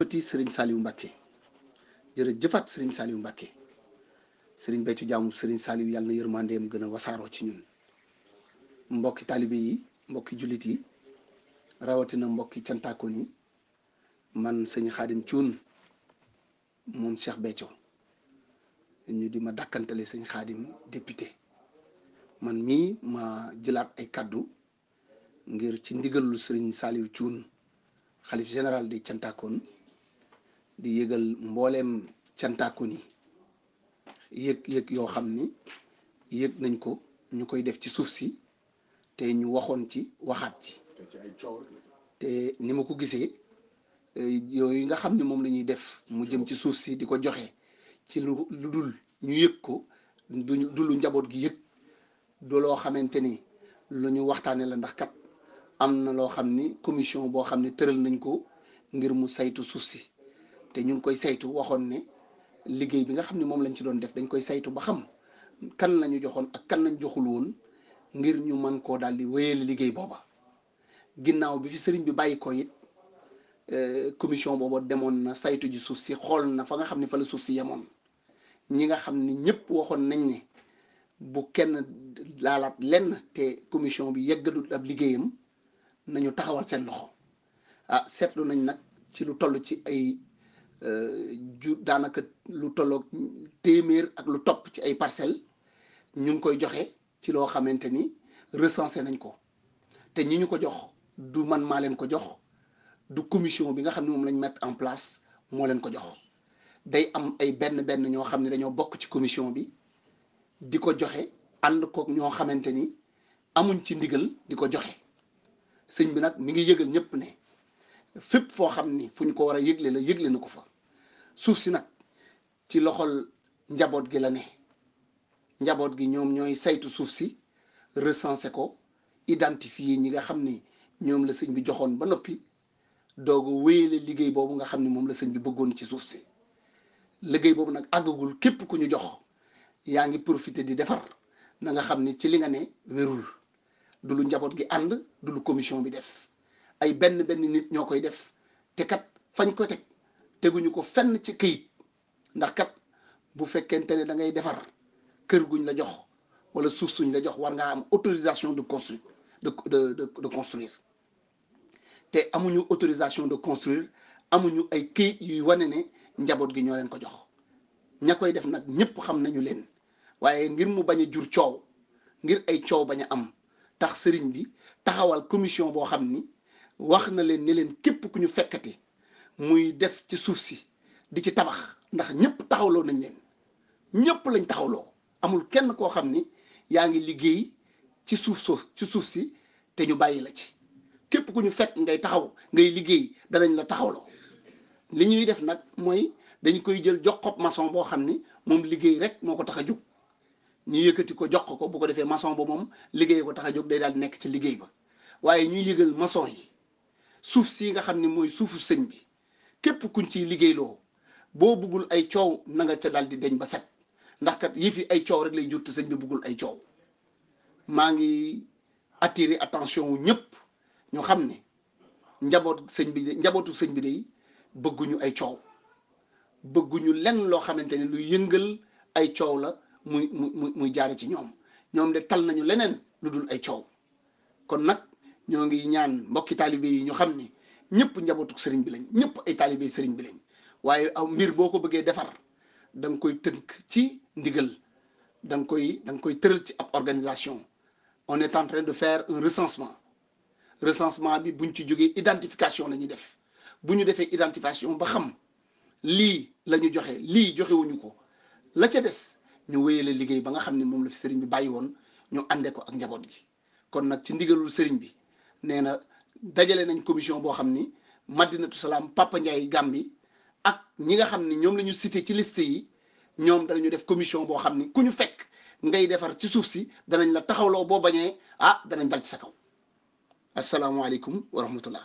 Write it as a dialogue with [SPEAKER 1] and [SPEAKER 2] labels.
[SPEAKER 1] jëfati sëriñ Saliou Mbacké jërë jëfaat sëriñ Saliou Mbacké sëriñ Béthio jaamu sëriñ Saliou yàlla na yërmandeem gën a wasaaroo ci ñun mbokki taalibe yi mbokki jullit yi rawatina mbokki cantaakoon yi man sëñ Xaadim Cuun moom Cheikh Béthio ñu di ma dàkkantale sëñ Xaadim député man mii ma jëlaat ay kàddu ngir ci ndigalu sëriñ Saliou Cuun xalif général de cantaakoon di yëgal mbooleem cantaakun ni yëg yëg yoo xam ni yëg nañ ko ñu koy def ci suuf si te ñu waxoon ci waxaat ci te ni ma ko gisee eh, yooyu nga xam ne moom lañuy def mu jëm ci suuf si di ko joxe ci lu lu dul ñu yëg ko duñu du lu njaboot gi yëg du loo xamante ni lu ñu waxtaane la ndax kat am na loo xam ni commission boo xam ne tëral nañ ko ngir mu saytu suuf si te ñu ngi koy saytu waxoon ne liggéey bi nga xam ne moom lañ ci doon def dañ koy saytu ba xam kan lañu joxoon ak kan lañ joxul woon ngir ñu mën koo daal di wéyale liggéey booba ginnaaw bi fi sëriñ bi bàyyi ko it euh, commission booba demoon na saytu ji suuf si xool na fa nga xam ne fa la suuf si yemoon ñi nga xam ni ñëpp waxoon nañ ni bu kenn laalaat lenn te commission bi yeggadul ab liggéeyam nañu taxawal seen loxo ah seetlu nañ nag ci lu toll ci ay Euh, ju daanaka lu tolloog téeméer ak lu topp ci ay parcelles ñu ngi koy joxe ci loo xamante ni recensé nañ ko te ñi ñu ko jox du man maa leen ko jox du commission bi nga xam ne moom lañ mettre en place moo leen ko jox day am ay benn benn ñoo xam ne dañoo bokk ci commission bi di ko joxe ànd kook ñoo xamante ni amuñ ci ndigal di ko joxe sëñ bi nag mi ngi yëgal ñëpp ne fépp foo xam ni fu ñu ko war a yëgle la yëgle na ko fa suuf si nag ci loxol njaboot gi la ne njaboot gi ñoom ñooy saytu suuf si recensé ko identifie ñi nga xam ni ñoom la sëñ bi joxoon ba noppi doog a wéyale liggéey boobu nga xam ni moom la sëñ bi bëggoon ci suuf si liggéey boobu nag àggagul képp ku ñu jox yaa ngi profité di defar na nga xam ni ci li nga ne wérul du lu njaboot gi ànd du lu commission bi def ay benn benn nit ñoo koy def te kat fañ ko teg teguñu ko fenn ci këyit ndax kat bu fekkente ne da ngay defar kër guñ la jox wala suuf suñ la jox war ngaa am autorisation de construire de de de construire te amuñu autorisation de construire amuñu ay këyit yuy wane ne njaboot gi ñoo leen ko jox ña koy def nag ñëpp xam nañu leen waaye ngir mu bañ a jur coow ngir ay coow bañ a am tax sëriñ bi taxawal commission boo xam ni wax na leen ni leen képp ku ñu fekkati. muy def ci suuf si di ci tabax ndax ñëpp taxawloo nañ leen ñëpp lañ taxawloo amul kenn koo xam ni yaa ngi liggéey ci suuf soo ci suuf si te ñu bàyyi la ci képp ku ñu fekk ngay taxaw ngay liggéey danañ la taxawloo li ñuy def nag mooy dañ koy jël jox ko maçon boo xam ni moom liggéey rek moo ko tax a jóg ñu yëkkati ko jox ko bu ko defee maçon ba moom liggéey ko tax a jóg day daal di nekk ci liggéey ba waaye ñuy yëgal maçon yi suuf si nga xam ni mooy suufu sëñ bi képp kuñ ciy liggéeyloo boo buggul ay coow nanga nga ca daal di deñ ba set ndax kat yii fi ay coow rek lay jur sëñ bi buggul ay coow maa ngi attire attention wu ñëpp ñu xam ni njaboot sëñ bi njabootu sëñ bi day bëgguñu ay coow bëgguñu lenn loo xamante ne lu yëngal ay coow la muy muy muy jaare ci ñoom ñoom de tal nañu leneen lu dul ay coow kon nag ñoo ngi ñaan mbokki taalibe yi ñu xam ni ñëpp njabootuk sëriñ bi lañ ñëpp ay taalibe sëriñ bi lañ waaye aw mbir boo ko bëggee defar danga koy tënk ci ndigal da nga koy da nga koy tëral ci ab organisation on est en de fair un recensement recensement bi buñ ci jógee identification la ñuy def bu ñu defee identification ba xam lii la ñu joxe lii joxewuñu ko la ca des ñu wéyale liggéey ba nga xam ne moom la fi sëriñ bi bàyyi woon ñu àndee ko ak njaboot gi kon nag ci ndigalul sëriñ bi dajale nañ commission boo xam ni Madinatu Salaam Papa Ndiaye Gambi ak ñi nga xam ni ñoom la ñu cité ci liste yi ñoom danañu def commission boo xam ni ku ñu fekk ngay defar ci suuf si danañ la taxawloo boo bañee ah danañ dal ci sa kaw asalaamaaleykum wa rahmatullah